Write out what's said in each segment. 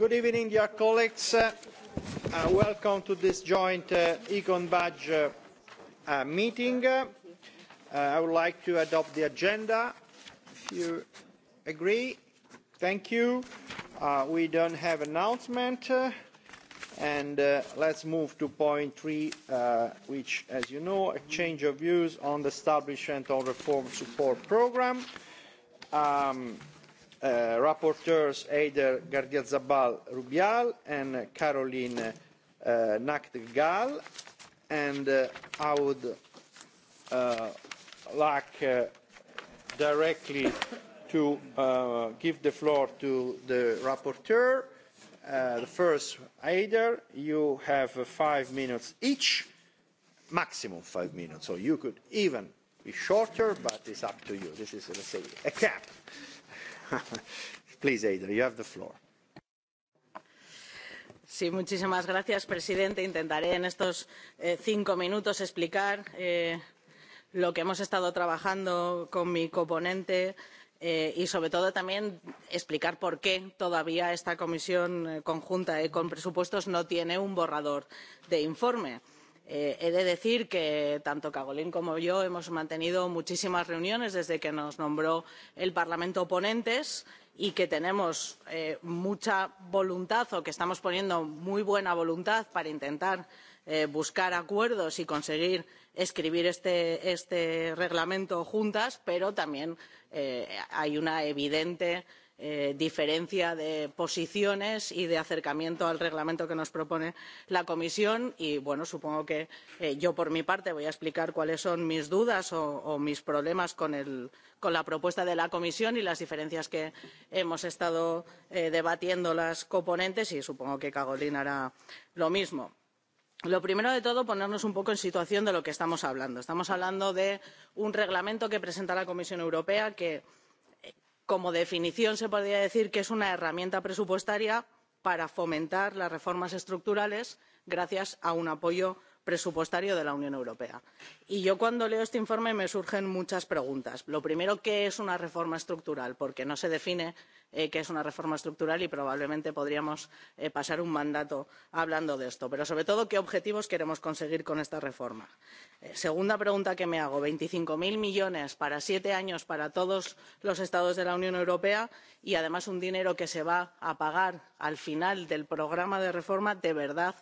Good evening, dear colleagues. Uh, welcome to this joint uh, Econ Badge uh, uh, meeting. Uh, I would like to adopt the agenda. If you agree, thank you. Uh, we don't have announcement. Uh, and uh, let's move to point three, uh, which, as you know, a change of views on the establishment of reform support program. Um, rapporteurs Eider Gardiazabal Rubial and Caroline nachtigall And I would like directly to give the floor to the rapporteur. the first, Eider, you have five minutes each, maximum five minutes. So you could even be shorter, but it's up to you. This is, let's say, a cap Please, Ada, you have the floor. Sí, muchísimas gracias, presidente. Intentaré en estos eh, cinco minutos explicar eh, lo que hemos estado trabajando con mi coponente eh, y, sobre todo, también explicar por qué todavía esta comisión conjunta eh, con presupuestos no tiene un borrador de informe. Eh, he de decir que tanto Cagolín como yo hemos mantenido muchísimas reuniones desde que nos nombró el Parlamento ponentes y que tenemos mucha voluntad o que estamos poniendo muy buena voluntad para intentar buscar acuerdos y conseguir escribir este reglamento juntas pero también hay una evidente diferencia de posiciones y de acercamiento al reglamento que nos propone la comisión y bueno supongo que yo por mi parte voy a explicar cuáles son mis dudas o mis problemas con la propuesta de la comisión y las diferencias que hemos estado debatiendo las coponentes y supongo que karolyn hará lo mismo. Lo primero de todo, ponernos un poco en situación de lo que estamos hablando. Estamos hablando de un reglamento que presenta la Comisión Europea que como definición se podría decir que es una herramienta presupuestaria para fomentar las reformas estructurales gracias a un apoyo presupuestario de la unión europea. y yo cuando leo este informe me surgen muchas preguntas. lo primero qué es una reforma estructural? porque no se define qué es una reforma estructural y probablemente podríamos pasar un mandato hablando de esto. pero sobre todo qué objetivos queremos conseguir con esta reforma? segunda pregunta que me hago veinticinco cero millones para siete años para todos los estados de la unión europea y además un dinero que se va a pagar al final del programa de reforma de verdad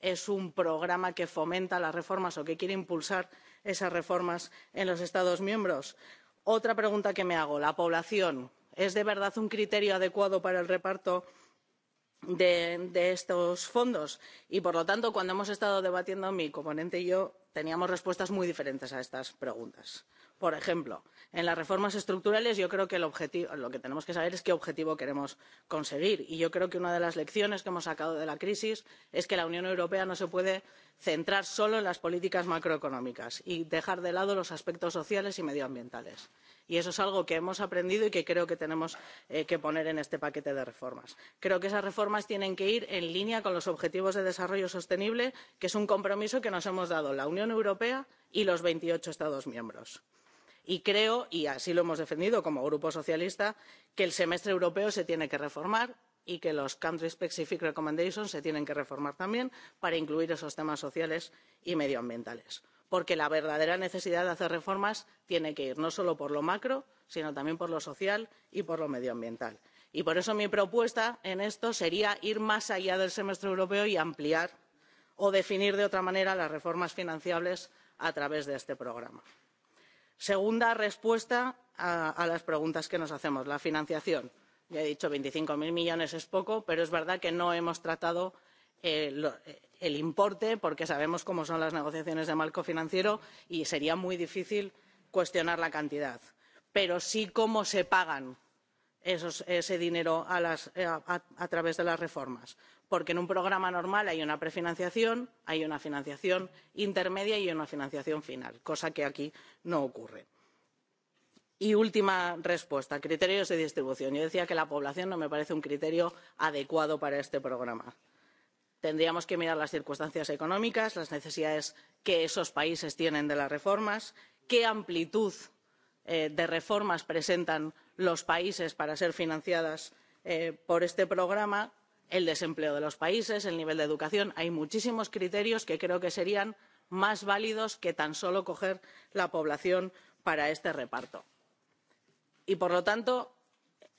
es un programa que fomenta las reformas o que quiere impulsar esas reformas en los estados miembros? otra pregunta que me hago la población es de verdad un criterio adecuado para el reparto de estos fondos? y por lo tanto cuando hemos estado debatiendo mi coponente y yo teníamos respuestas muy diferentes a estas preguntas por ejemplo en las reformas estructurales yo creo que lo que tenemos que saber es qué objetivo queremos conseguir y yo creo que una de las lecciones que hemos sacado de la crisis es que la unión europea no se puede centrar solo en las políticas macroeconómicas y dejar de lado los aspectos sociales y medioambientales y eso es algo que hemos aprendido y que creo que tenemos que poner en este paquete de reformas. creo que esas reformas tienen que ir en línea con los objetivos de desarrollo sostenible que es un compromiso que nos hemos dado la unión europea y los veintiocho estados miembros y creo y así lo hemos defendido como grupo socialista que el semestre europeo se tiene que reformar y que los country specific recommendations se tienen que reformar también para incluir esos temas sociales y medioambientales porque la verdadera necesidad de hacer reformas tiene que ir no solo por lo macro sino también por lo social y por lo medioambiental. y por eso mi propuesta en esto sería ir más allá del semestre europeo y ampliar o definir de otra manera las reformas financiables a través de este programa segunda respuesta a las preguntas que nos hacemos la financiación. ya he dicho veinticinco cero millones es poco pero es verdad que no hemos tratado el importe porque sabemos cómo son las negociaciones de marco financiero y sería muy difícil cuestionar la cantidad pero sí cómo se paga ese dinero a través de las reformas porque en un programa normal hay una prefinanciación hay una financiación intermedia y una financiación final cosa que aquí no ocurre. y última respuesta criterios de distribución. yo decía que la población no me parece un criterio adecuado para este programa. tendríamos que mirar las circunstancias económicas las necesidades que esos países tienen de las reformas qué amplitud de reformas presentan los países para ser financiadas por este programa el desempleo de los países el nivel de educación hay muchísimos criterios que creo que serían más válidos que tan solo coger la población para este reparto. y por lo tanto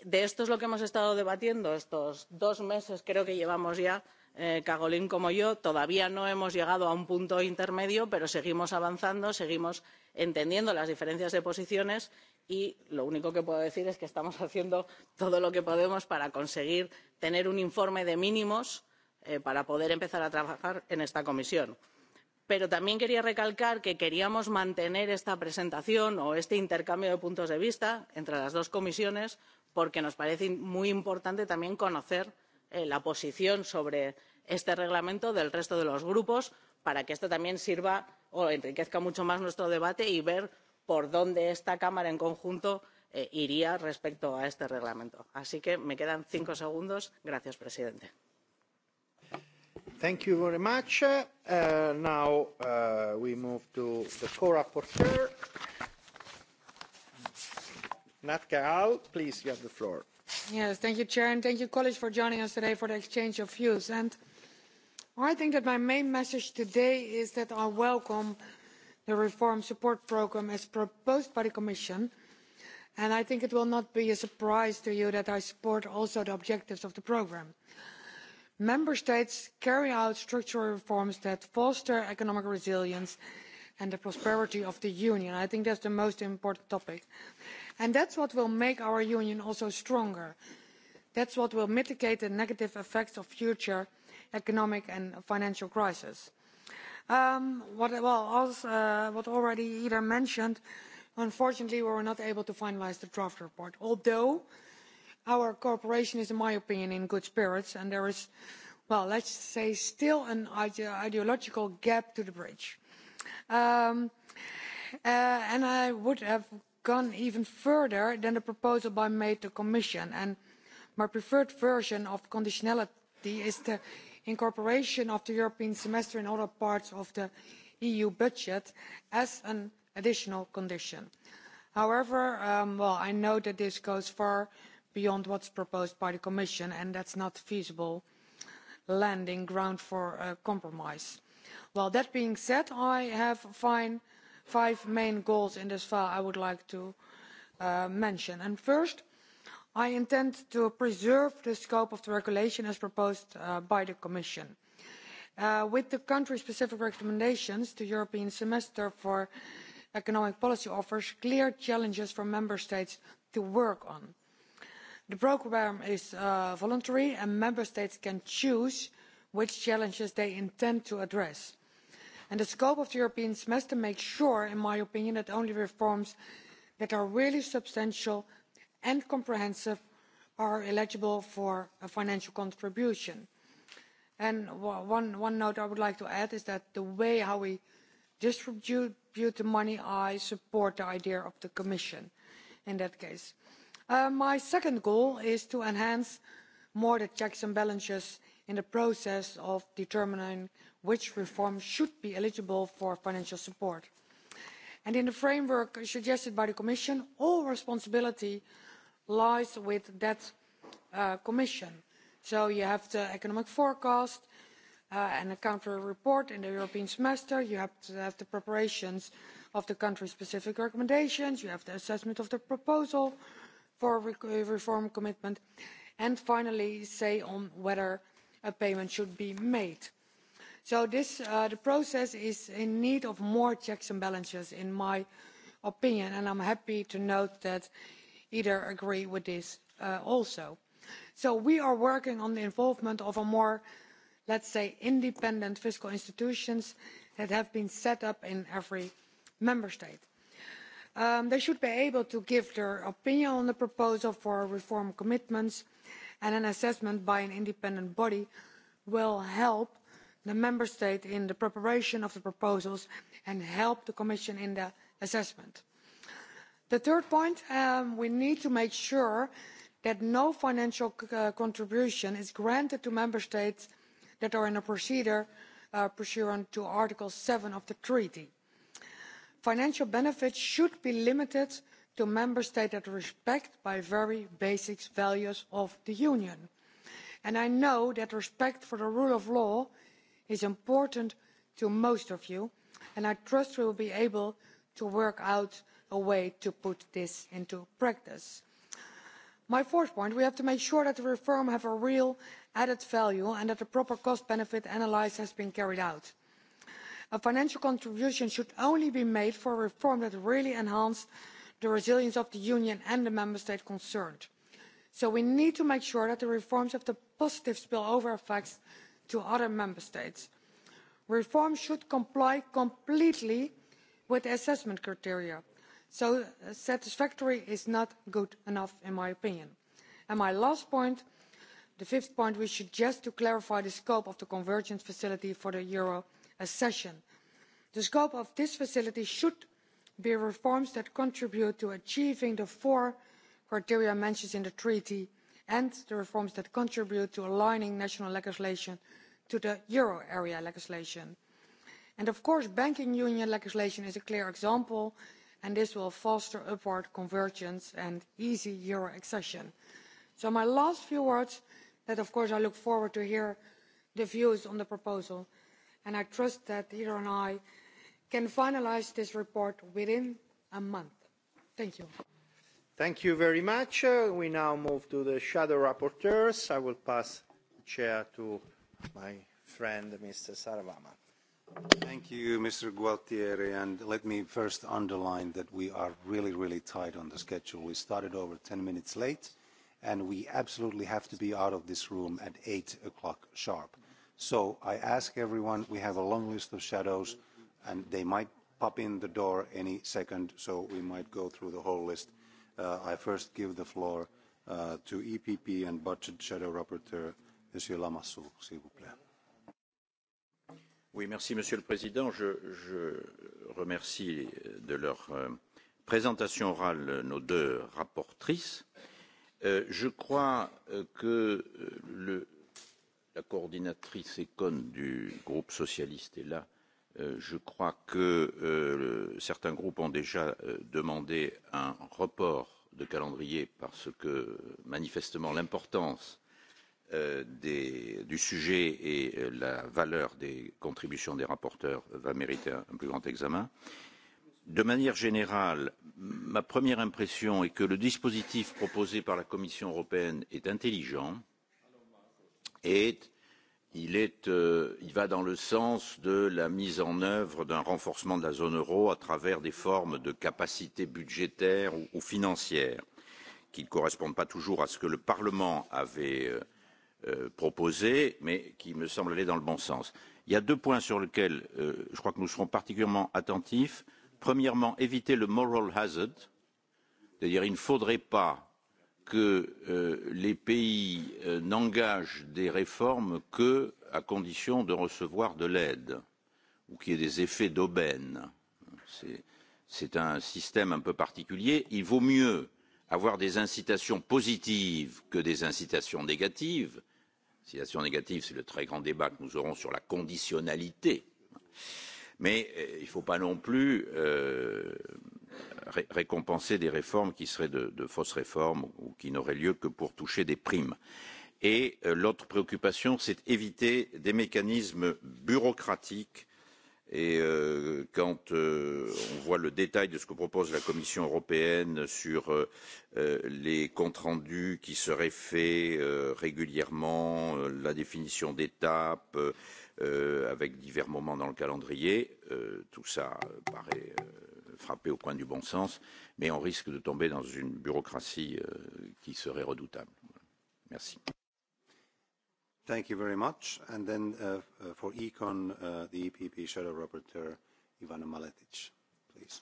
de esto es lo que hemos estado debatiendo estos dos meses creo que llevamos ya Cagolín como yo todavía no hemos llegado a un punto intermedio pero seguimos avanzando seguimos entendiendo las diferencias de posiciones y lo único que puedo decir es que estamos haciendo todo lo que podemos para conseguir tener un informe de mínimos para poder empezar a trabajar en esta comisión. Pero también quería recalcar que queríamos mantener esta presentación o este intercambio de puntos de vista entre las dos comisiones porque nos parece muy importante también conocer la posición sobre este reglamento del resto de los grupos para que esto también sirva o enriquezca mucho más nuestro debate y ver por dónde esta Cámara en conjunto iría respecto a este reglamento. Así que me quedan cinco segundos. Gracias, presidente. Thank you very much. Uh, now uh, we move to the co-rapporteur. Gaal, please, you have the floor. Yes, thank you, Chair, and thank you, colleagues, for joining us today for the exchange of views. And I think that my main message today is that I welcome the reform support programme as proposed by the Commission – and i think it will not be a surprise to you that i support also the objectives of the programme. member states carry out structural reforms that foster economic resilience and the prosperity of the union. i think that's the most important topic and that's what will make our union also stronger. that's what will mitigate the negative effects of future economic and financial crises. what was already mentioned is unfortunately we were not able to finalise the draft report although our cooperation is in my opinion in good spirits and there is well let's say still an ideological gap to the bridge. i would have gone even further than the proposal made by the commission and my preferred version of conditionality is the incorporation of the european semester in other parts of the eu budget as an additional condition. However, I know that this goes far beyond what's proposed by the Commission, and that's not feasible landing ground for a compromise. Well, that being said, I have five main goals in this file I would like to mention. And first, I intend to preserve the scope of the regulation as proposed by the Commission. with the country-specific recommendations, the European semester for economic policy offers clear challenges for member states to work on. The programme is voluntary and member states can choose which challenges they intend to address. And the scope of the European semester makes sure, in my opinion, that only reforms that are really substantial and comprehensive are eligible for a financial contribution. And one, one note I would like to add is that the way how we distribute distribute the money, I support the idea of the Commission in that case. my second goal is to enhance more the checks and balances in the process of determining which reforms should be eligible for financial support. And in the framework suggested by the Commission, all responsibility lies with that Commission. So you have the economic forecast, and a country report in the European semester. You have to have the preparations of the country-specific recommendations. You have the assessment of the proposal for a reform commitment. And finally, say on whether a payment should be made. So this, uh, the process is in need of more checks and balances, in my opinion, and I'm happy to note that either agree with this also. So we are working on the involvement of a more let's say independent fiscal institutions that have been set up in every member state. they should be able to give their opinion on the proposal for reform commitments and an assessment by an independent body will help the member state in the preparation of the proposals and help the commission in the assessment. the third point we need to make sure that no financial contribution is granted to member states that are in a procedure pursuant to Article seven of the Treaty. Financial benefits should be limited to member states that respect the very basic values of the Union. And I know that respect for the rule of law is important to most of you, and I trust we will be able to work out a way to put this into practice. My fourth point, we have to make sure that the reforms have a real added value and that a proper cost benefit analysis has been carried out. a financial contribution should only be made for a reform that really enhances the resilience of the union and the member state concerned. so we need to make sure that the reforms have the positive spillover effects to other member states. reform should comply completely with the assessment criteria so satisfactory' is not good enough in my opinion. my last point the fifth point we suggest to clarify the scope of the convergence facility for the euro accession. the scope of this facility should be reforms that contribute to achieving the four criteria mentioned in the treaty and the reforms that contribute to aligning national legislation to the euro area legislation. and of course banking union legislation is a clear example and this will foster upward convergence and easy euro accession. so my last few words that of course I look forward to hearing the views on the proposal and I trust that Ida and I can finalise this report within a month. Thank you. Thank you very much. We now move to the shadow rapporteurs. I will pass the chair to my friend, Mr. Saravama. Thank you, Mr. Gualtieri, and let me first underline that we are really, really tight on the schedule. We started over 10 minutes late, and we absolutely have to be out of this room at eight o'clock sharp. So I ask everyone, we have a long list of shadows, and they might pop in the door any second, so we might go through the whole list. Uh, I first give the floor uh, to EPP and Budget Shadow Rapporteur, Monsieur Lamassou, s'il vous plaît. Oui, merci Monsieur le Président. Je, je remercie de leur présentation orale nos deux rapportrices. Euh, je crois que la coordinatrice econ du groupe socialiste est là. Je crois que certains groupes ont déjà demandé un report de calendrier parce que manifestement l'importance du sujet et la valeur des contributions des rapporteurs va mériter un plus grand examen. Euh, De manière générale, ma première impression est que le dispositif proposé par la Commission européenne est intelligent et il, est, euh, il va dans le sens de la mise en œuvre d'un renforcement de la zone euro à travers des formes de capacités budgétaires ou, ou financières qui ne correspondent pas toujours à ce que le Parlement avait euh, proposé, mais qui me semblent aller dans le bon sens. Il y a deux points sur lesquels euh, je crois que nous serons particulièrement attentifs premièrement, éviter le moral hazard, c'est-à-dire il ne faudrait pas que les pays n'engagent des réformes que à condition de recevoir de l'aide ou qu'il y ait des effets d'aubaine. C'est un système un peu particulier. Il vaut mieux avoir des incitations positives que des incitations négatives. Incitations négatives, c'est le très grand débat que nous aurons sur la conditionnalité. Mais il ne faut pas non plus récompenser des réformes qui seraient de, de fausses réformes ou qui n'auraient lieu que pour toucher des primes. Et l'autre préoccupation, c'est éviter des mécanismes bureaucratiques. Et quand on voit le détail de ce que propose la Commission européenne sur les comptes rendus qui seraient faits régulièrement, la définition d'étapes, euh, avec divers moments dans le calendrier. Euh, tout ça paraît euh, frappé au coin du bon sens, mais on risque de tomber dans une bureaucratie euh, qui serait redoutable. Merci. Thank you very much. And then uh, for Econ, uh, the EPP Shadow Rapporteur, Ivana Maletic, please.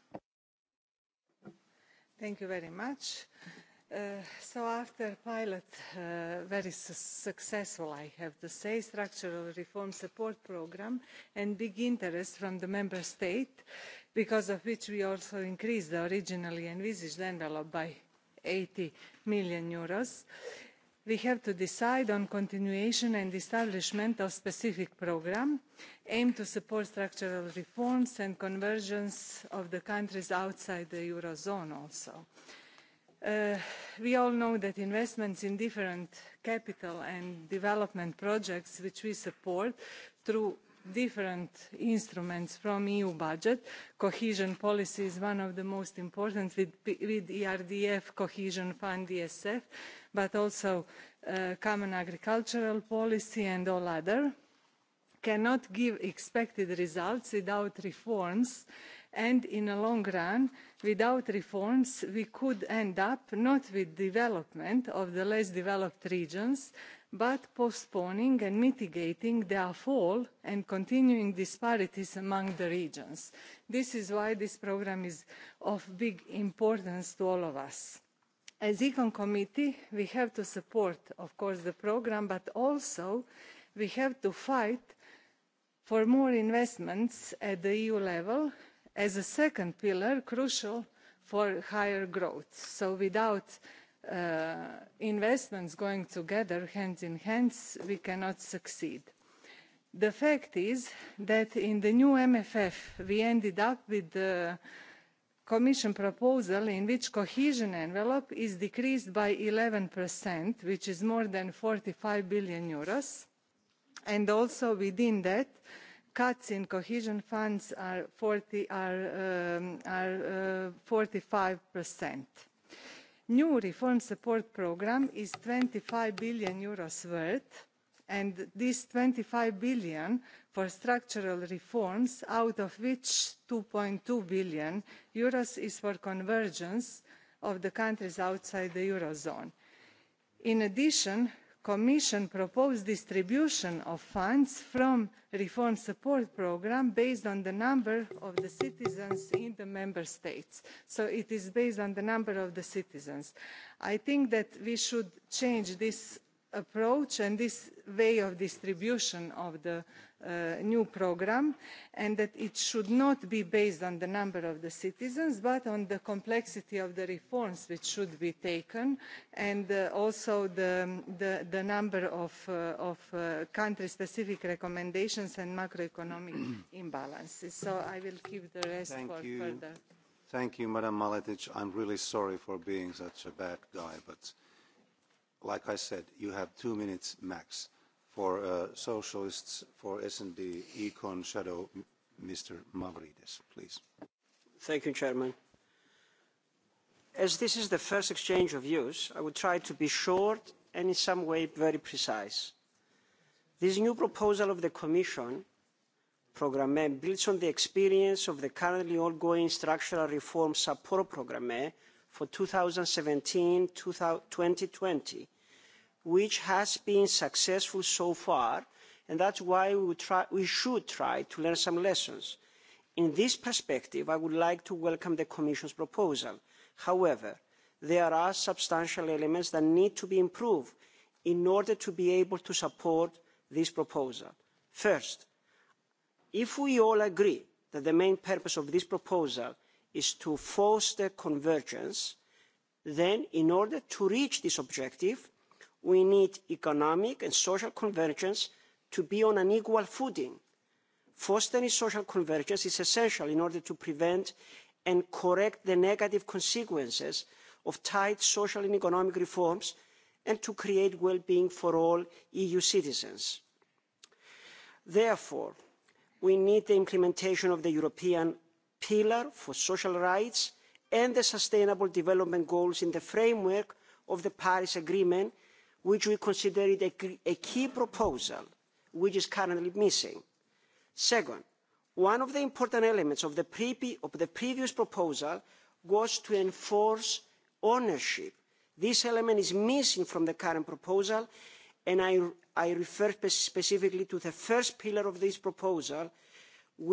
Thank you very much so after pilot, uh, very su successful, I have to say, structural reform support program and big interest from the member state, because of which we also increased the originally envisaged envelope by 80 million euros. We have to decide on continuation and establishment of specific program aimed to support structural reforms and convergence of the countries outside the Eurozone also we all know that investments in different capital and development projects which we support through different instruments from the eu budget cohesion policy is one of the most important with the erdf cohesion fund esf but also the common agricultural policy and all others cannot give expected results without reforms and and in the long run without reforms we could end up not with development of the less developed regions but postponing and mitigating their fall and continuing disparities among the regions. this is why this programme is of big importance to all of us. as the econ committee we have to support of course the programme but also we have to fight for more investments at the eu level as a second pillar crucial for higher growth. So without investments going together hand in hand, we cannot succeed. The fact is that in the new MFF, we ended up with the Commission proposal in which cohesion envelope is decreased by eleven which is more than forty five billion euros. And also within that, uh, cuts in cohesion funds are forty five percent. New reform support programme is EUR twenty five billion worth, and this EUR twenty five billion for structural reforms, out of which EUR two two billion is for convergence of the countries outside the eurozone. In addition, commission proposed distribution of funds from the reform support programme based on the number of the citizens in the member states so it is based on the number of the citizens. i think that we should change this approach and this way of distribution of the new programme and that it should not be based on the number of the citizens but on the complexity of the reforms which should be taken and also the number of country specific recommendations and macroeconomic imbalances. so i will keep the rest for further. thank you madam maletic i'm really sorry for being such a bad guy but like i said you have two minutes max For uh, Socialists, for S&D Econ Shadow, Mr. Mavridis, please. Thank you, Chairman. As this is the first exchange of views, I will try to be short and in some way very precise. This new proposal of the Commission, Programme, builds on the experience of the currently ongoing structural reform support programme for 2017-2020, which has been successful so far and that's why we, try, we should try to learn some lessons. In this perspective, I would like to welcome the Commission's proposal. However, there are substantial elements that need to be improved in order to be able to support this proposal. First, if we all agree that the main purpose of this proposal is to foster convergence, then in order to reach this objective, we need economic and social convergence to be on an equal footing. fostering social convergence is essential in order to prevent and correct the negative consequences of tight social and economic reforms and to create wellbeing for all eu citizens. therefore we need the implementation of the european pillar for social rights and the sustainable development goals in the framework of the paris agreement which we consider it a key proposal which is currently missing. second one of the important elements of the previous proposal was to enforce ownership. this element is missing from the current proposal and i refer specifically to the first pillar of this proposal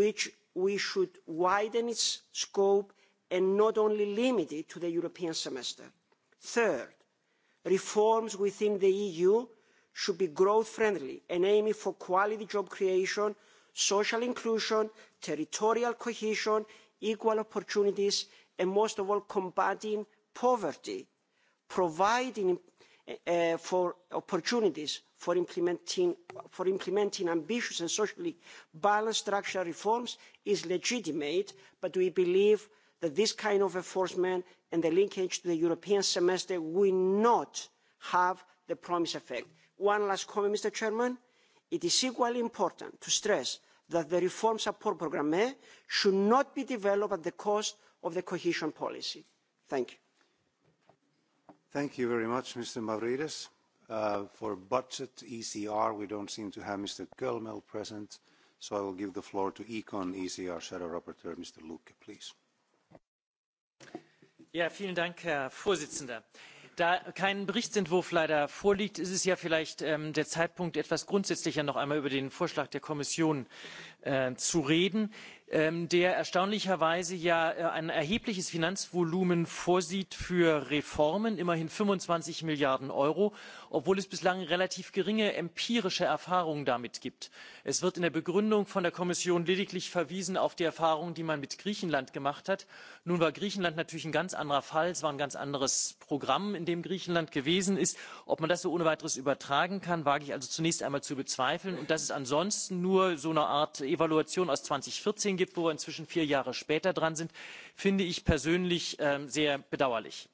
which we should widen its scope and not only limit it to the european semester. third reforms within the eu should be growth friendly and aiming for quality job creation social inclusion territorial cohesion equal opportunities and most of all combating poverty providing for opportunities for implementing ambitious and socially balanced structural reforms is legitimate but we believe that this kind of enforcement and the linkage to the european semester will not have the promised effect. one last comment mr president it is equally important to stress that the reform support programme should not be developed at the cost of the cohesion policy. thank you. thank you very much mr mavrides. for budget ecr we don't seem to have mr goelmel present so i will give the floor to econ ecr shadow rapporteur mr Lucke, please herr präsident! da kein berichtsentwurf leider vorliegt ist es ja vielleicht der zeitpunkt etwas grundsätzlicher noch einmal über den vorschlag der kommission zu sprechen zu reden der erstaunlicherweise ja ein erhebliches finanzvolumen vorsieht für reformen immerhin fünfundzwanzig milliarden euro obwohl es bislang relativ geringe empirische Erfahrungen damit gibt. es wird in der begründung von der kommission lediglich verwiesen auf die verwiesen die man mit griechenland gemacht hat. nun war griechenland natürlich ein ganz anderer fall es war ein ganz anderes programm in dem griechenland gewesen ist. ob man das so ohne weiteres übertragen kann wage ich also zunächst einmal zu bezweifeln und dass es ansonsten nur so eine art evaluation aus zweitausendvierzehn gibt wo wir inzwischen vier jahre später dran sind finde ich persönlich sehr bedauerlich.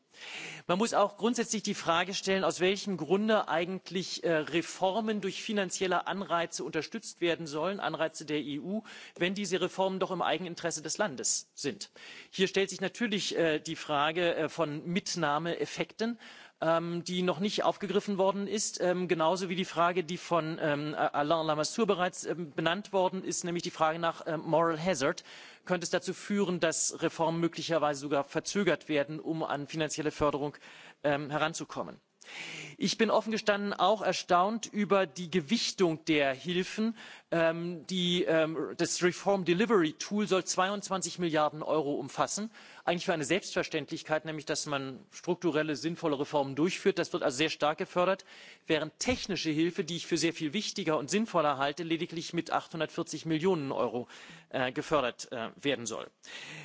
man muss auch grundsätzlich die frage stellen aus welchem grunde eigentlich reformen durch finanzielle anreize unterstützt werden sollen anreize der eu wenn diese reformen doch im eigeninteresse des landes sind. hier stellt sich natürlich die frage von mitnahmeeffekten die noch nicht aufgegriffen worden ist. genauso wie die Frage, die von Alain Lamassoure bereits benannt worden ist, nämlich die Frage nach Moral Hazard. Könnte es dazu führen, dass Reformen möglicherweise sogar verzögert werden, um an finanzielle Förderung heranzukommen? Ich bin offen gestanden auch erstaunt über die Gewichtung der Hilfen. das Reform Delivery Tool soll zweiundzwanzig Milliarden Euro umfassen eigentlich für eine Selbstverständlichkeit, nämlich dass man strukturelle, sinnvolle Reformen durchführt. Das wird also sehr stark gefördert, während technische Hilfe, die ich für sehr viel wichtiger und sinnvoller halte, lediglich mit 840 Millionen Euro gefördert werden soll.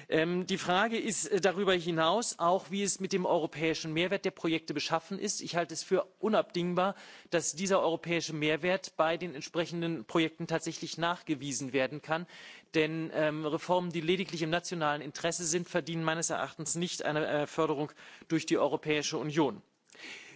die Frage ist darüber hinaus auch, wie es mit dem europäischen Mehrwert der Projekte beschaffen ist. Ich halte es für unabdingbar, dass dieser europäische Mehrwert bei den entsprechenden Projekten tatsächlich nachgewiesen werden kann. Denn Reformen, die lediglich im nationalen Interesse sind, verdienen meines Erachtens nicht eine Förderung durch die Europäische Union.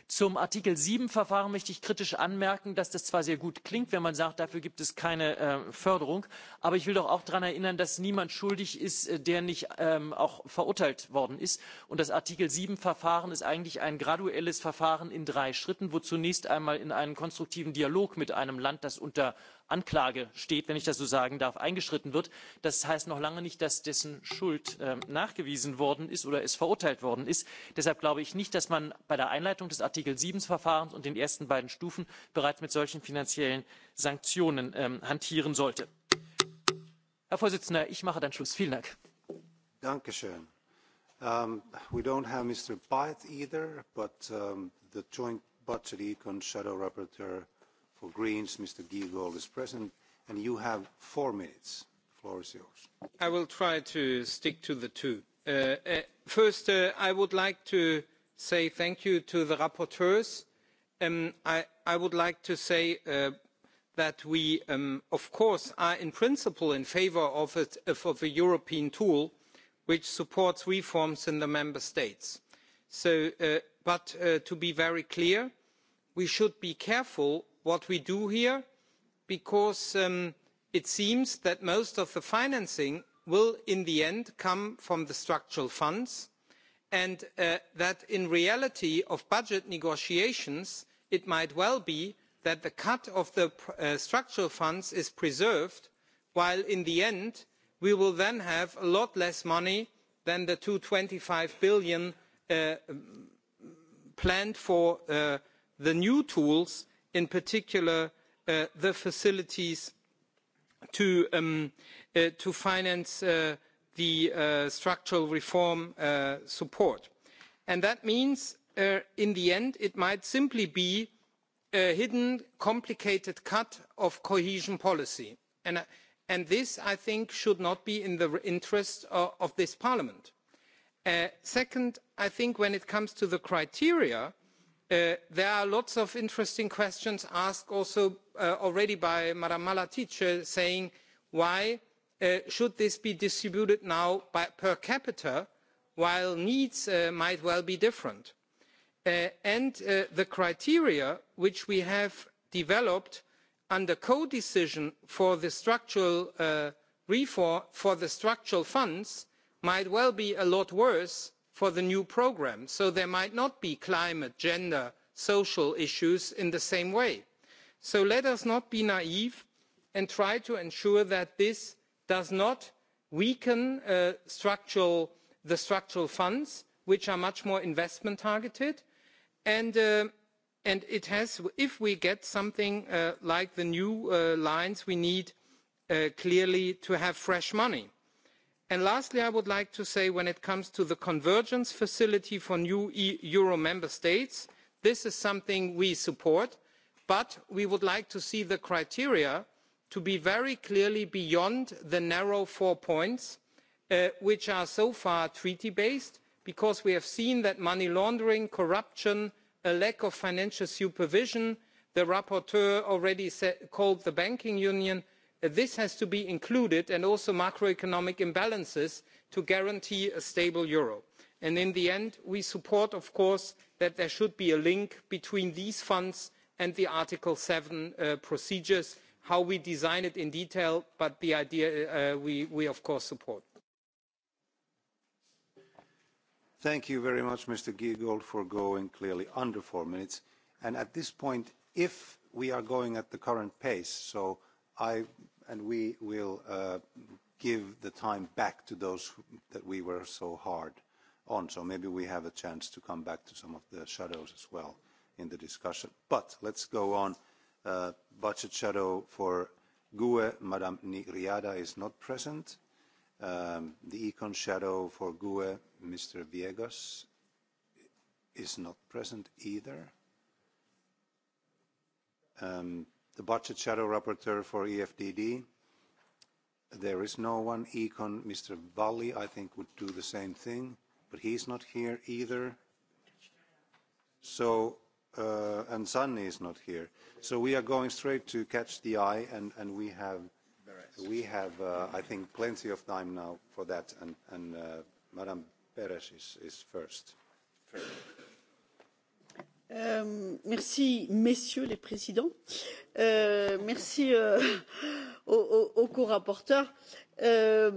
Zum Artikel sieben Verfahren möchte ich kritisch anmerken, dass das zwar sehr gut klingt, wenn man sagt, dafür gibt es keine Förderung, aber ich will doch auch daran erinnern, dass niemand schuldig ist, der nicht auch verurteilt worden ist. Und das Artikel sieben Verfahren ist eigentlich ein graduelles Verfahren in drei Schritten, wo zunächst einmal in einen konstruktiven Dialog mit einem Land, das unter anklage steht wenn ich das so sagen darf eingeschritten wird. das heißt noch lange nicht dass dessen schuld nachgewiesen worden ist oder es verurteilt worden ist. deshalb glaube ich nicht dass man bei der einleitung des artikel sieben verfahrens und den ersten beiden stufen bereits mit solchen finanziellen sanktionen hantieren sollte. herr präsident ich mache dann schluss. vielen dank. danke schön. we don't have mr. either, but the joint budget econ shadow rapporteur For Greens, Mr. Gold is present, and you have four minutes. The floor is yours. I will try to stick to the two. first, I would like to say thank you to the rapporteurs. I, would like to say that we, of course, are in principle in favour of, a European tool which supports reforms in the member states. but to be very clear, we should be careful what we do here because it seems that most of the financing will in the end come from the structural funds and that in reality of budget negotiations it might well be that the cut of the structural funds is preserved while in the end we will then have a lot less money than the eur two hundred and twenty five billion planned for the new tools in particular the facilities to finance the structural reform support. that means in the end it might simply be a hidden complicated cut of cohesion policy and this i think should not be in the interest of this parliament. second i think when it comes to the criteria there are lots of interesting questions asked also already by ms malatic saying why should this be distributed now per capita while needs might well be different? and the criteria which we have developed under codecision for the structural reform for the structural funds might well be a lot worse for the new programme so there might not be climate gender social issues in the same way. so let us not be naive and try to ensure that this does not weaken the structural funds which are much more investment targeted and if we get something like the new lines we need clearly to have fresh money lastly i would like to say when it comes to the convergence facility for new euro member states this is something we support but we would like to see the criteria to be very clearly beyond the narrow four points which are so far treaty based because we have seen that money laundering corruption a lack of financial supervision the rapporteur already called the banking union this has to be included and also macroeconomic imbalances to guarantee a stable euro and in the end we support of course that there should be a link between these funds and the article seven procedures how we design it in detail but the idea we of course support. thank you very much mr giegold for going clearly under four minutes and at this point if we are going at the current pace so I and we will uh, give the time back to those that we were so hard on. So maybe we have a chance to come back to some of the shadows as well in the discussion. But let's go on. Uh, budget shadow for GUE, Madame Nigriada, is not present. Um, the econ shadow for GUE, Mr. Viegas, is not present either. Um, the budget shadow rapporteur for EFDD. There is no one. Econ, Mr. Valli, I think, would do the same thing, but he's not here either. So, uh, and Sunny is not here. So we are going straight to catch the eye, and, and we have, we have, uh, I think, plenty of time now for that. And, and uh, Madame Perez is, is first. First merci messieurs les présidents merci aux corapporteurs. sur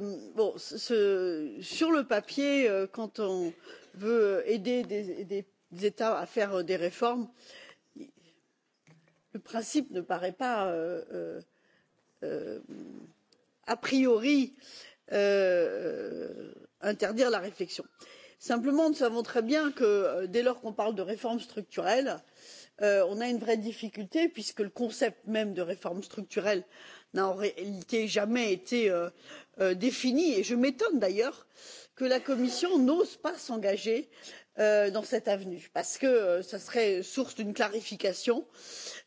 le papier quand on veut aider des états à faire des réformes le principe ne paraît pas a priori interdire la réflexion simplement nous savons très bien que dès lors qu'on parle de réformes structurelles on a une vraie difficulté puisque le concept même de réforme structurelle n'a en réalité jamais été défini et je m'étonne d'ailleurs que la commission n'ose pas s'engager dans cette avenue parce que ce serait source d'une clarification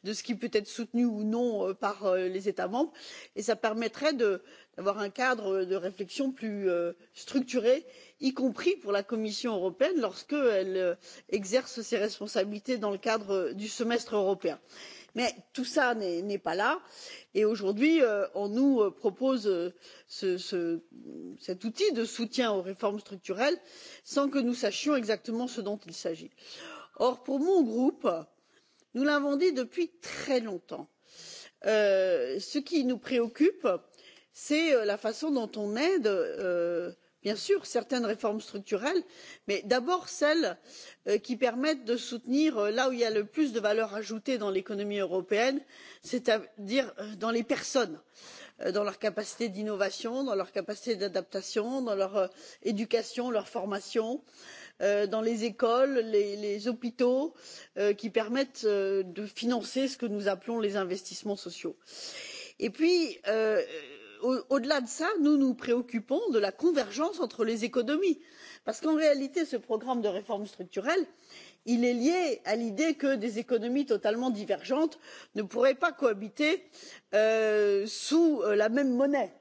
de ce qui peut être soutenu ou non par les états membres et cela permettrait de d'avoir un cadre de réflexion plus structuré y compris pour la commission européenne lorsqu'elle exerce ses responsabilités dans le cadre du semestre européen. mais tout cela n'est pas là et aujourd'hui on nous propose cet outil de soutien aux réformes structurelles sans que nous sachions exactement ce dont il s'agit. or pour mon groupe nous l'avons dit depuis très longtemps ce qui nous préoccupe c'est la façon dont on aide bien sûr certaines réformes structurelles mais d'abord celles qui permettent de soutenir là où il y a le plus de valeur ajoutée dans l'économie européenne c'est à dire dans les personnes dans leur capacité d'innovation dans leur capacité d'adaptation dans leur éducation leur formation dans les écoles les hôpitaux qui permettent de financer ce que nous appelons les investissements sociaux. et puis il au delà de cela nous nous préoccupons de la convergence entre les économies parce qu'en réalité ce programme de réformes structurelles est lié à l'idée que des économies totalement divergentes ne pourraient pas cohabiter sous la même monnaie.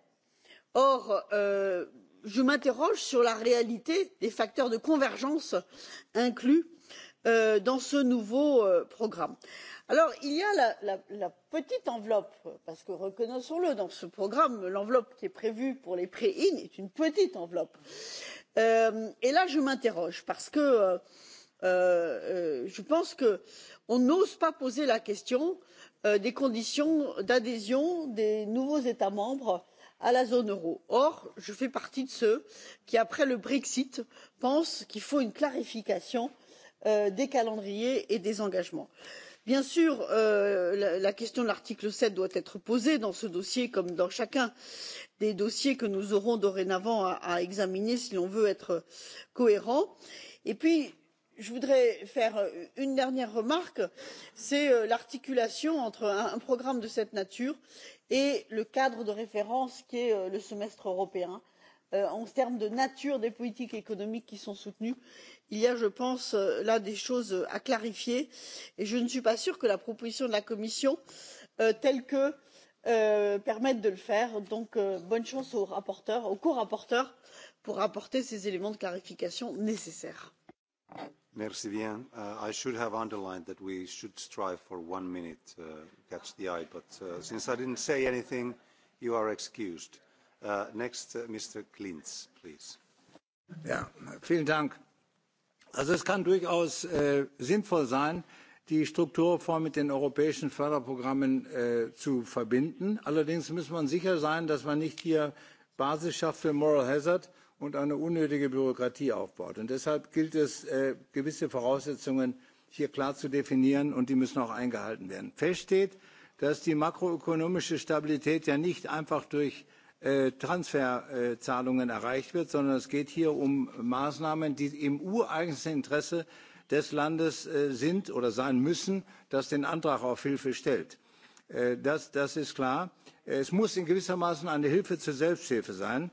or je m'interroge sur la réalité des facteurs de convergence inclus dans ce nouveau programme alors il y a la petite enveloppe parce que reconnaissons le dans ce programme l'enveloppe qui est prévue pour les pré in est une petite enveloppe et là je m'interroge parce que je pense qu'on n'ose pas poser la question des conditions d'adhésion des nouveaux états membres à la zone euro. or je fais partie de ceux qui après le brexit pensent qu'il faut une clarification des calendriers et des engagements bien sûr la question de l'article sept doit être posée dans ce dossier comme dans chacun des dossiers que nous aurons dorénavant à examiner si l'on veut être cohérent et puis je voudrais faire une dernière remarque c'est l'articulation entre un programme de cette nature et le cadre de référence qu'est le semestre européen en termes de nature des politiques économiques qui sont soutenues il y a je pense là des choses à clarifier et je ne suis pas sûre que la proposition de la commission telle que permette de le faire donc bonne chance aux rapporteurs aux corapporteurs pour apporter ces éléments de clarification nécessaires. Merci bien. Uh, I should have underlined that we should strive for one minute uh, catch the eye, but uh, since I didn't say anything, you are excused. Herr Präsident. vielen Dank. Also es kann durchaus sinnvoll sein, die Strukturreform mit den europäischen Förderprogrammen zu verbinden. Allerdings muss man sicher sein, dass man nicht hier Basis schafft für Moral Hazard und eine unnötige Bürokratie aufbaut. Und deshalb gilt es, gewisse Voraussetzungen hier klar zu definieren und die müssen auch eingehalten werden. Fest steht, dass die makroökonomische Stabilität ja nicht einfach durch Transferzahlungen erreicht wird, sondern es geht hier um Maßnahmen, die im ureigensten Interesse des Landes sind oder sein müssen, das den Antrag auf Hilfe stellt. Das, ist klar. Es muss in gewissermaßen eine Hilfe zur Selbsthilfe sein.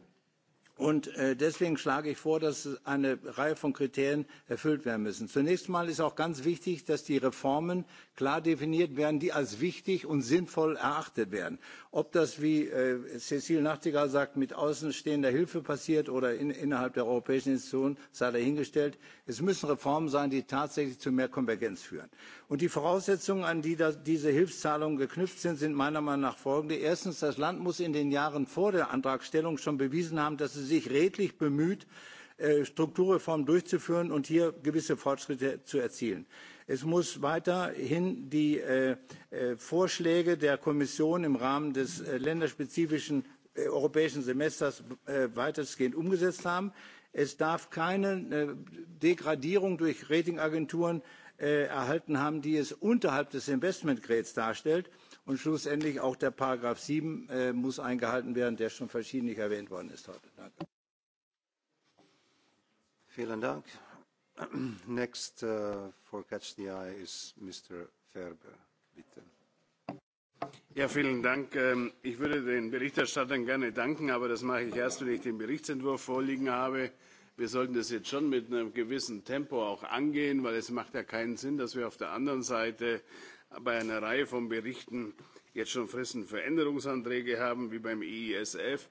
Und deswegen schlage ich vor, dass eine Reihe von Kriterien erfüllt werden müssen. Zunächst einmal ist auch ganz wichtig, dass die Reformen klar definiert werden, die als wichtig und sinnvoll erachtet werden. Ob das, wie Cecile Nachtigall sagt, mit außenstehender Hilfe passiert oder innerhalb der europäischen Institutionen, sei dahingestellt. Es müssen Reformen sein, die tatsächlich zu mehr Konvergenz führen. Und die Voraussetzungen, an die diese Hilfszahlungen geknüpft sind, sind meiner Meinung nach folgende. Erstens, das Land muss in den Jahren vor der Antragstellung schon bewiesen haben, dass es sich redlich bemüht, Strukturreformen durchzuführen und hier gewisse Fortschritte zu erzielen es muss weiterhin die vorschläge der kommission im rahmen des länderspezifischen europäischen semesters weitestgehend umgesetzt haben. es darf keine degradierung durch ratingagenturen erhalten haben die es unterhalb des investment grades darstellt und schlussendlich auch der paragraph sieben muss eingehalten werden der schon verschiedentlich erwähnt worden ist heute. Next for Catch the Eye is Mr. Ferber, bitte. Ja, vielen Dank. Ich würde den Berichterstattern gerne danken, aber das mache ich erst, wenn ich den Berichtsentwurf vorliegen habe. Wir sollten das jetzt schon mit einem gewissen Tempo auch angehen, weil es macht ja keinen Sinn, dass wir auf der anderen Seite bei einer Reihe von Berichten jetzt schon Fristen für Änderungsanträge haben, wie beim EISF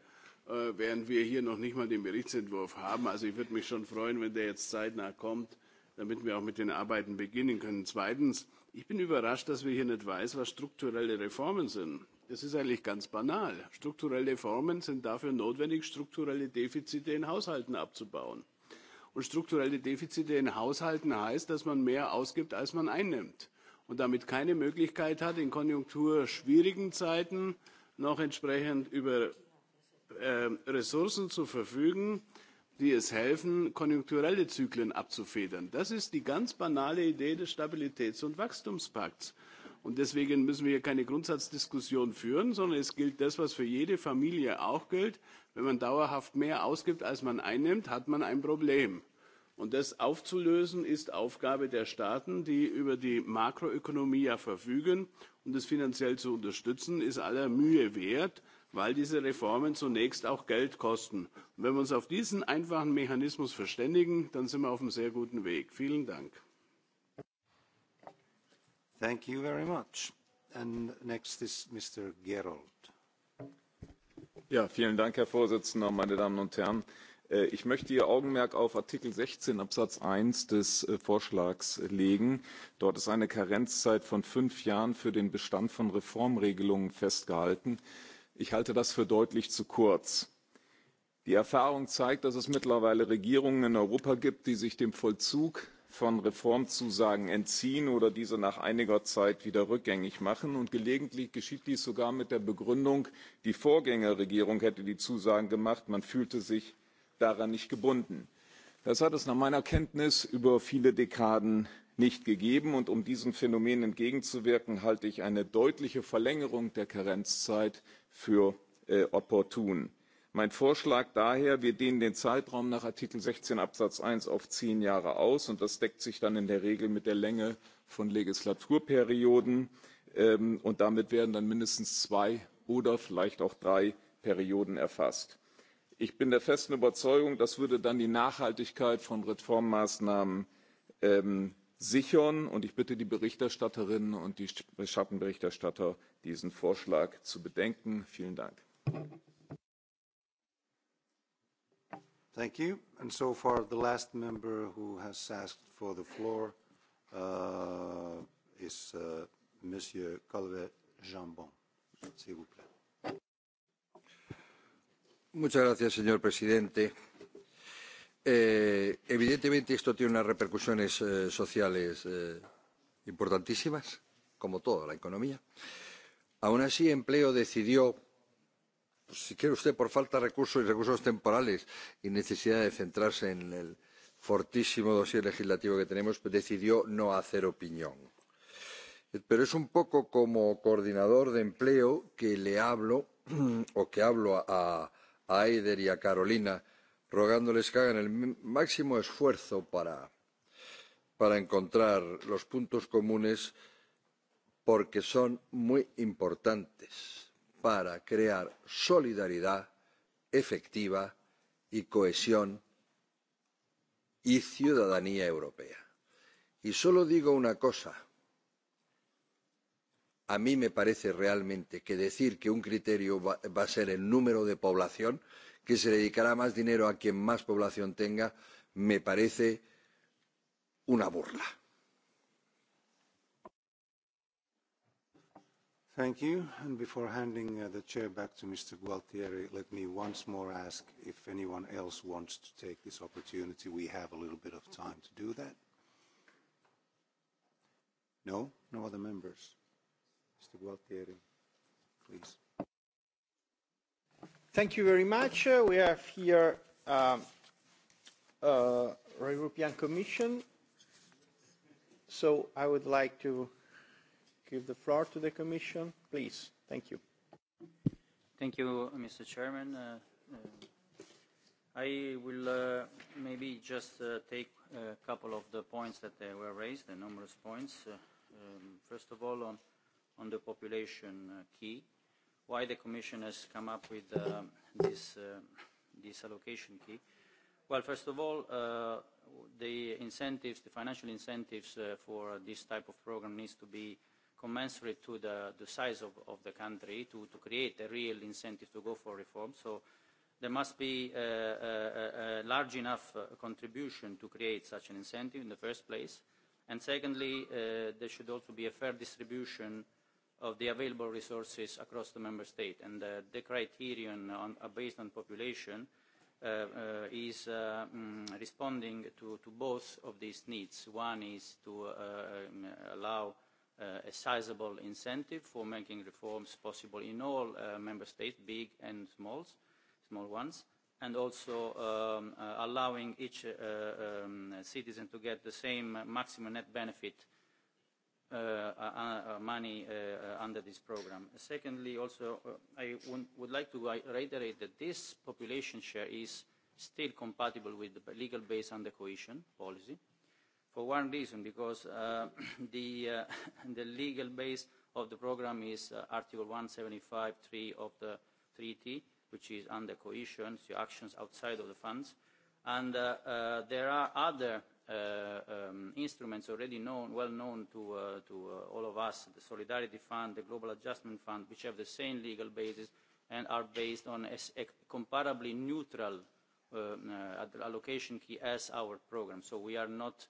während wir hier noch nicht mal den Berichtsentwurf haben. Also ich würde mich schon freuen, wenn der jetzt zeitnah kommt, damit wir auch mit den Arbeiten beginnen können. Zweitens, ich bin überrascht, dass wir hier nicht weiß, was strukturelle Reformen sind. Das ist eigentlich ganz banal. Strukturelle Reformen sind dafür notwendig, strukturelle Defizite in Haushalten abzubauen. Und strukturelle Defizite in Haushalten heißt, dass man mehr ausgibt, als man einnimmt und damit keine Möglichkeit hat, in konjunkturschwierigen Zeiten noch entsprechend über Ressourcen zu verfügen, die es helfen, konjunkturelle Zyklen abzufedern. Das ist die ganz banale Idee des Stabilitäts- und Wachstumspakts. Und deswegen müssen wir hier keine Grundsatzdiskussion führen, sondern es gilt das, was für jede Familie auch gilt. Wenn man dauerhaft mehr ausgibt, als man einnimmt, hat man ein Problem. Und das aufzulösen ist Aufgabe der Staaten, die über die Makroökonomie ja verfügen. Und das finanziell zu unterstützen, ist aller Mühe wert weil diese reformen zunächst auch geld kosten. wenn wir uns auf diesen einfachen mechanismus verständigen dann sind wir auf einem sehr guten weg. vielen dank. herr präsident meine damen und herren! ich möchte ihr augenmerk auf artikel sechzehn absatz eins des vorschlags legen. dort ist eine karenzzeit von fünf jahren für den bestand von reformregelungen festgehalten. Ich halte das für deutlich zu kurz. Die Erfahrung zeigt, dass es mittlerweile Regierungen in Europa gibt, die sich dem Vollzug von Reformzusagen entziehen oder diese nach einiger Zeit wieder rückgängig machen. Und gelegentlich geschieht dies sogar mit der Begründung, die Vorgängerregierung hätte die Zusagen gemacht, man fühlte sich daran nicht gebunden. Das hat es nach meiner Kenntnis über viele Dekaden nicht gegeben. Und um diesem Phänomen entgegenzuwirken, halte ich eine deutliche Verlängerung der Karenzzeit für opportun. Mein Vorschlag daher, wir dehnen den Zeitraum nach Artikel 16 Absatz 1 auf zehn Jahre aus und das deckt sich dann in der Regel mit der Länge von Legislaturperioden und damit werden dann mindestens zwei oder vielleicht auch drei Perioden erfasst. Ich bin der festen Überzeugung, das würde dann die Nachhaltigkeit von Reformmaßnahmen sichern. Und ich bitte die Berichterstatterinnen und die Schattenberichterstatter, diesen Vorschlag zu bedenken. Vielen Dank. Thank you. And so far, the last member who has asked for the floor uh, is uh, Monsieur Calvet Jambon. S'il vous plaît. Muchas gracias, señor presidente evidentemente esto tiene unas repercusiones sociales importantísimas, como toda la economía. Aún así, empleo decidió, si quiere usted, por falta de recursos y recursos temporales y necesidad de centrarse en el fortísimo dossier legislativo que tenemos, decidió no hacer opinión. Pero es un poco como coordinador de empleo que le hablo o que hablo a, a y a Carolina rogándoles que hagan el máximo esfuerzo para, para encontrar los puntos comunes porque son muy importantes para crear solidaridad efectiva y cohesión y ciudadanía europea. Y solo digo una cosa. A mí me parece realmente que decir que un criterio va, va a ser el número de población que se dedicará más dinero a quien más población tenga, me parece una burla. Thank you. And before handing uh, the chair back to Mr. Gualtieri, let me once more ask if anyone else wants to take this opportunity. We have a little bit of time to do that. No? No other members? Mr. Gualtieri, please. Thank you very much. We have here um, uh, European Commission. So I would like to give the floor to the Commission. Please, thank you. Thank you, Mr. Chairman. Uh, uh, I will uh, maybe just uh, take a couple of the points that uh, were raised, the numerous points. Uh, um, first of all, on, on the population uh, key why the Commission has come up with uh, this, uh, this allocation key. Well, first of all, uh, the incentives, the financial incentives uh, for this type of program needs to be commensurate to the, the size of, of the country to, to create a real incentive to go for reform. So there must be a, a, a large enough contribution to create such an incentive in the first place. And secondly, uh, there should also be a fair distribution uh, of the available resources across the member state. And uh, the criterion on, uh, based on population uh, uh, is uh, um, responding to, to both of these needs. One is to uh, um, allow uh, a sizable incentive for making reforms possible in all uh, member states, big and smalls, small ones, and also um, uh, allowing each uh, um, citizen to get the same maximum net benefit uh, uh, uh, uh money uh, under this program. Secondly, also, uh, I would like to reiterate that this population share is still compatible with the legal base under cohesion policy for one reason, because uh, the, uh, the legal base of the program is uh, Article 175.3 of the treaty, which is under cohesion, so actions outside of the funds. And uh, uh, there are other instruments already known, well known to, to all of us, the Solidarity Fund, the Global Adjustment Fund, which have the same legal basis and are based on a, comparably neutral allocation key as our program. So we are not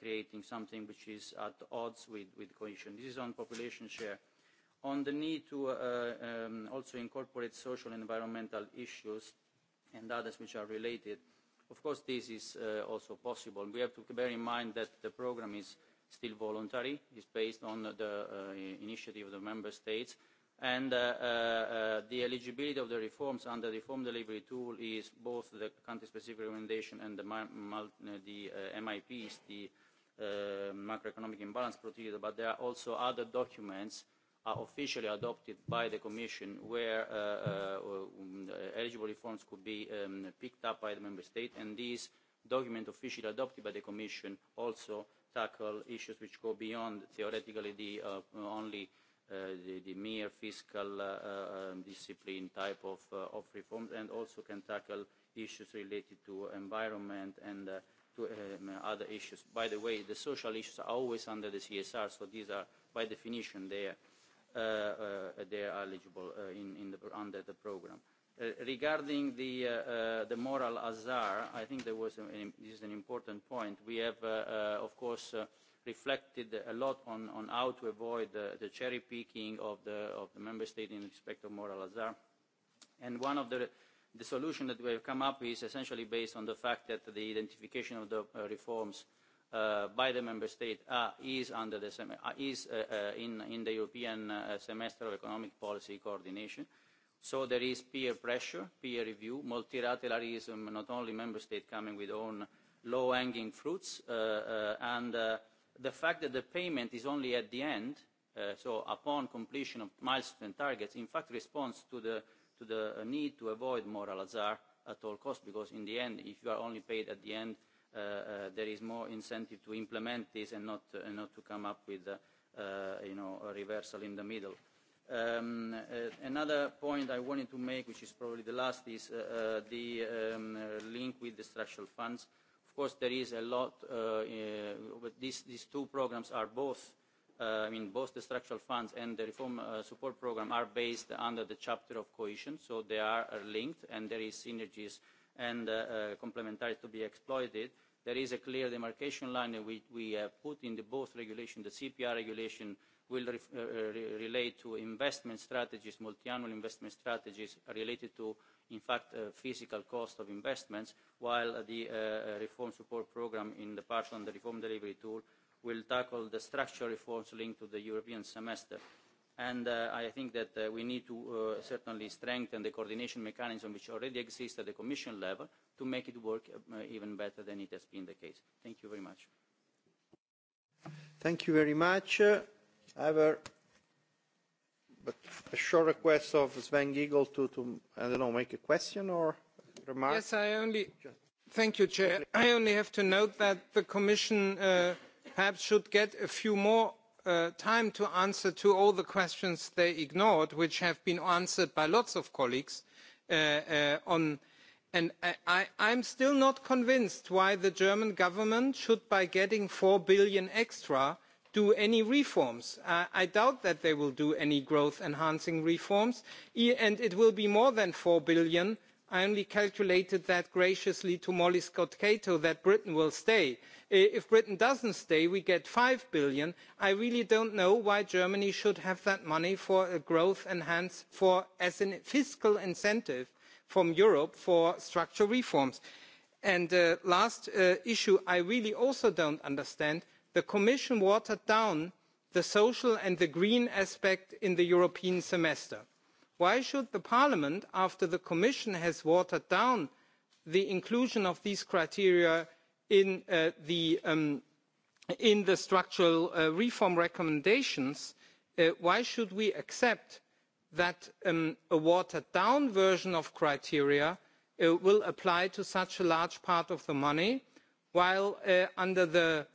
creating something which is at odds with, with cohesion. This is on population share. On the need to also incorporate social and environmental issues and others which are related, Of course, this is uh also possible. We have to bear in mind that the program is still voluntary. It's based on the uh initiative of the member states. And uh uh the eligibility of the reforms under the reform delivery tool is both the country-specific recommendation and the uh the MIPs, the uh macroeconomic imbalance procedure, but there are also other documents are officially adopted by the Commission where uh, uh, eligible reforms could be um, picked up by the Member State and these documents officially adopted by the Commission also tackle issues which go beyond theoretically the uh, only uh, the, the mere fiscal uh, um, discipline type of, uh, of reforms and also can tackle issues related to environment and uh, to um, other issues. By the way, the social issues are always under the CSR, so these are by definition there uh, uh, they are eligible uh, in, in the, under the program. Uh, regarding the, uh, uh, the moral azar, I think there was an, this is an important point. We have, uh, uh, of course, uh, reflected a lot on, on how to avoid the, the cherry picking of the, of the member state in respect of moral azar. And one of the, the solutions that we have come up with is essentially based on the fact that the identification of the uh, reforms uh, by the member state uh, is under the sem- uh, is uh, uh, in in the European uh, semester of economic policy coordination. So there is peer pressure, peer review, multilateralism, not only member state coming with own low-hanging fruits, uh, uh, and uh, the fact that the payment is only at the end, uh, so upon completion of milestone targets, in fact responds to the, to the need to avoid moral hazard at all costs, because in the end, if you are only paid at the end, uh, uh, there is more incentive to implement this and not, uh, not to come up with uh, uh, you know, a reversal in the middle. Um, uh, another point I wanted to make, which is probably the last, is uh, uh, the um, uh, link with the structural funds. Of course, there is a lot, uh, uh, but these, these two programs are both, uh, I mean, both the structural funds and the reform uh, support program are based under the chapter of cohesion, so they are linked and there is synergies and uh, uh, complementarity to be exploited. Uh, There is a clear demarcation line that we, we have put in the both regulation, the CPR regulation will re, uh, relate to investment strategies, multi-annual investment strategies related to, in fact, uh, physical cost of investments, while the uh, reform support program in the part on the reform delivery tool will tackle the structural reforms linked to the European semester and uh, I think that uh, we need to uh, certainly strengthen the coordination mechanism which already exists at the Commission level to make it work uh, even better than it has been the case. Thank you very much. Thank you very much. I have a, but a short request of Sven Giegel to, to, I don't know, make a question or remark? Yes, I only, thank you, Chair. I only have to note that the Commission uh, perhaps should get a few more time to answer to all the questions they ignored, which have been answered by lots of colleagues. on, and I, I'm still not convinced why the German government should, by getting four billion extra, do any reforms. I doubt that they will do any growth-enhancing reforms, and it will be more than four billion I only calculated that graciously to Molly Scott Cato that Britain will stay. If Britain doesn't stay, we get five billion. I really don't know why Germany should have that money for a growth enhanced for as a fiscal incentive from Europe for structural reforms. And the last issue I really also don't understand. The Commission watered down the social and the green aspect in the European semester why should parliament after the commission has watered down the inclusion of these criteria in the structural reform recommendations why should we accept that a watered down version of criteria will apply to such a large part of the money while under the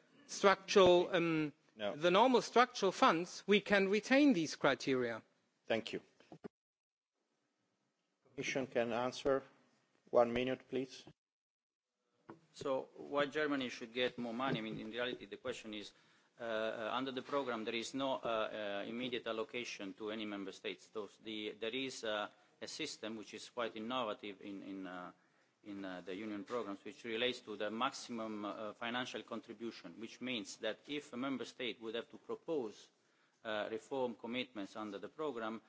normal structural funds we can retain these criteria? thank you. Commission can answer. One minute, please. So why Germany should get more money? I mean, in reality, the question is, uh, under the program, there is no uh, uh, immediate allocation to any member states. Those, the, there is uh, a system which is quite innovative in, in, uh, in uh, the union programs, which relates to the maximum uh, financial contribution, which means that if a member state would have to propose uh, reform commitments under the program,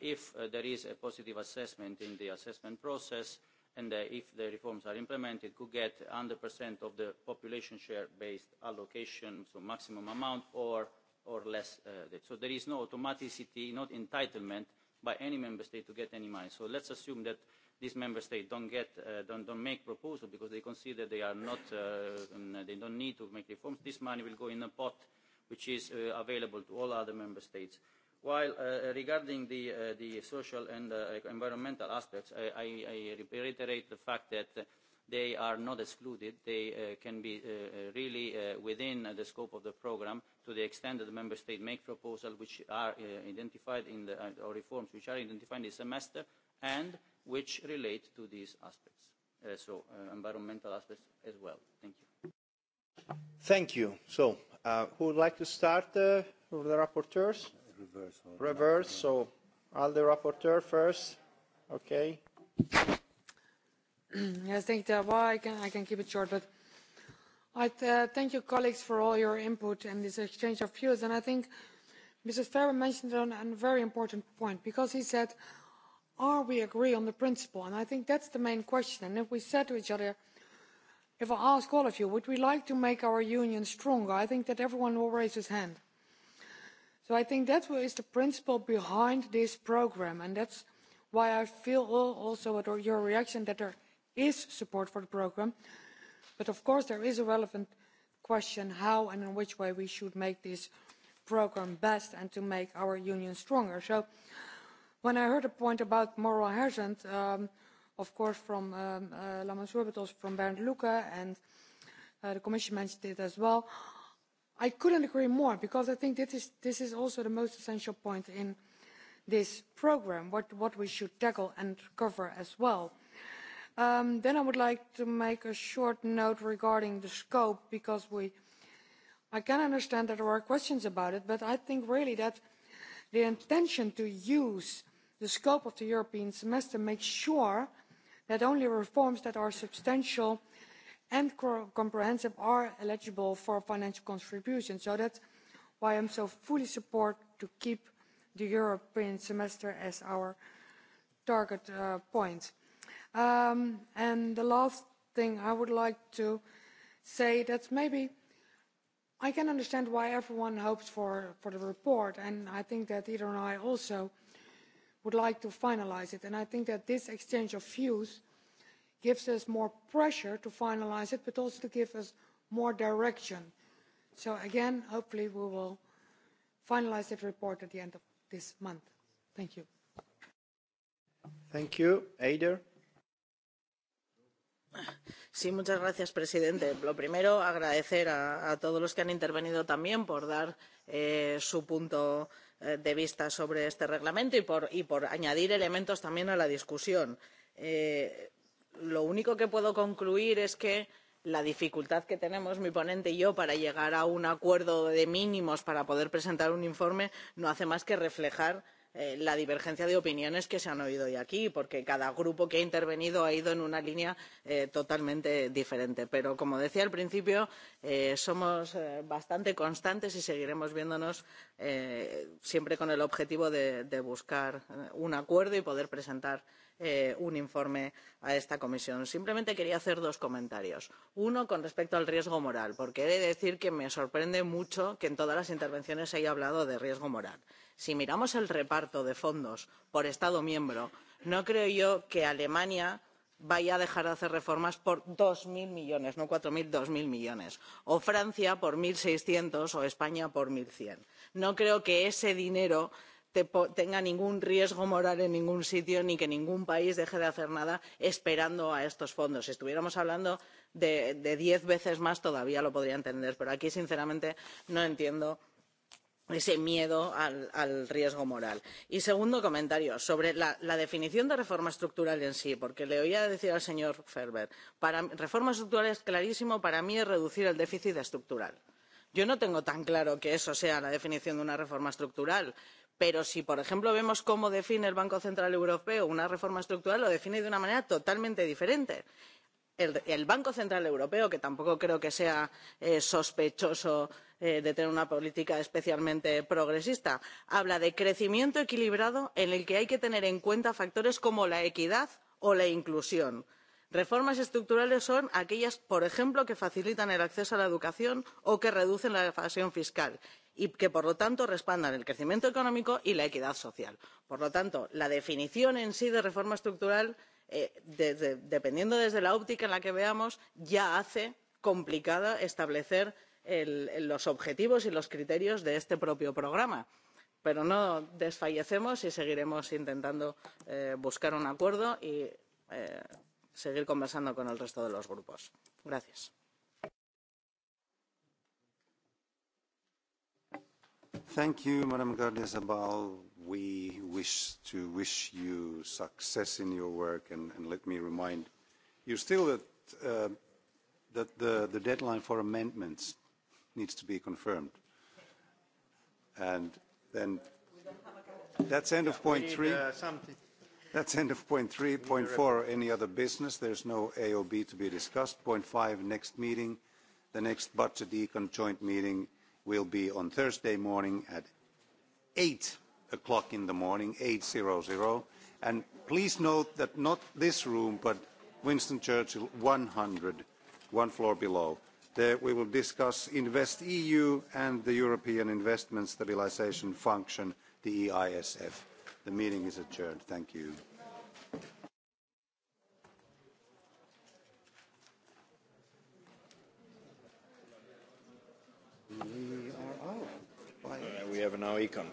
if there is a positive assessment in the assessment process and if the reforms are implemented, could get hundred of the population share-based allocation, so maximum amount or, or less. so there is no automaticity, not entitlement by any member state to get any money. So let's assume that these member states don't get, uh, don't, don't make proposals because they consider they are not, uh, they don't need to make reforms. This money will go in a pot which is uh, available to all other member states While uh, regarding the, uh, the social and uh, environmental aspects, I, I, I reiterate the fact that they are not excluded. They uh, can be uh, really uh, within the scope of the programme to the extent that the member state make proposals which are uh, identified in the, uh, or reforms which are identified in the semester and which relate to these aspects, uh, so uh, environmental aspects as well. Thank you. Thank you. So, uh, who would like to start uh, with the rapporteurs? reverse. So, the rapporteur first. Okay. Yes, thank you. Well, I can, I can keep it short, but I uh, thank you, colleagues, for all your input and this exchange of views. And I think Mr. Ferber mentioned a very important point because he said, are we agree on the principle? And I think that's the main question. And if we said to each other, if I ask all of you, would we like to make our union stronger? I think that everyone will raise his hand so i think that is the principle behind this programme and that's why i feel also with your reaction that there is support for the programme but of course there is a relevant question how and in which way we should make this programme best and to make our union stronger. so when i heard a point about moral hazard of course from lamassoure but also from bernd lucke and the commission mentioned it as well i couldn't agree more because i think this is also the most essential point in this programme what we should tackle and cover as well. then i would like to make a short note regarding the scope because i can understand that there are questions about it but i think really that the intention to use the scope of the european semester makes sure that only reforms that are substantial and comprehensive are eligible for financial contributions. So that's why I'm so fully support to keep the European semester as our target point. and the last thing I would like to say that maybe I can understand why everyone hopes for, for the report, and I think that Ida and I also would like to finalise it. And I think that this exchange of views gives us more pressure to finalise it, but also to give us more direction. So again, hopefully we will finalise that report at the end of this month. Thank you. Thank you. Eider. Sí, muchas gracias, presidente. Lo primero, agradecer a, a todos los que han intervenido también por dar eh, su punto de vista sobre este reglamento y por, y por añadir elementos también a la discusión. Eh, lo único que puedo concluir es que la dificultad que tenemos mi ponente y yo para llegar a un acuerdo de mínimos para poder presentar un informe no hace más que reflejar la divergencia de opiniones que se han oído hoy aquí porque cada grupo que ha intervenido ha ido en una línea totalmente diferente. pero como decía al principio somos bastante constantes y seguiremos viéndonos siempre con el objetivo de buscar un acuerdo y poder presentar eh, un informe a esta comisión. Simplemente quería hacer dos comentarios. Uno, con respecto al riesgo moral, porque he de decir que me sorprende mucho que en todas las intervenciones se haya hablado de riesgo moral. Si miramos el reparto de fondos por Estado miembro, no creo yo que Alemania vaya a dejar de hacer reformas por dos mil millones, no cuatro mil, dos mil millones, o Francia por 1.600 seiscientos o España por mil cien. No creo que ese dinero tenga ningún riesgo moral en ningún sitio ni que ningún país deje de hacer nada esperando a estos fondos. si estuviéramos hablando de diez veces más todavía lo podría entender pero aquí sinceramente no entiendo ese miedo al, riesgo moral. Y segundo comentario, sobre la, definición de reforma estructural en sí, porque le oía decir al señor Ferber, para, reforma estructural es clarísimo, para mí es reducir el déficit estructural. Yo no tengo tan claro que eso sea la definición de una reforma estructural, pero si por ejemplo vemos cómo define el banco central europeo una reforma estructural lo define de una manera totalmente diferente. el banco central europeo que tampoco creo que sea sospechoso de tener una política especialmente progresista habla de crecimiento equilibrado en el que hay que tener en cuenta factores como la equidad o la inclusión. reformas estructurales son aquellas por ejemplo que facilitan el acceso a la educación o que reducen la evasión fiscal y que por lo tanto respaldan el crecimiento económico y la equidad social. por lo tanto la definición en sí de reforma estructural dependiendo desde la óptica en la que veamos ya hace complicado establecer los objetivos y los criterios de este propio programa pero no desfallecemos y seguiremos intentando buscar un acuerdo y seguir conversando con el resto de los grupos. gracias. Thank you, Madam Gardia Zabal. We wish to wish you success in your work, and, and let me remind you still that, uh, that the, the deadline for amendments needs to be confirmed. And then that's end of point three. That's end of point three. Point four, any other business? There's no AOB to be discussed. Point five, next meeting. The next budget econ joint meeting will be on Thursday morning at 8 o'clock in the morning, 8.00. And please note that not this room, but Winston Churchill 100, one floor below. There we will discuss Invest EU and the European Investment Stabilisation Function, the EISF. The meeting is adjourned. Thank you. now econ.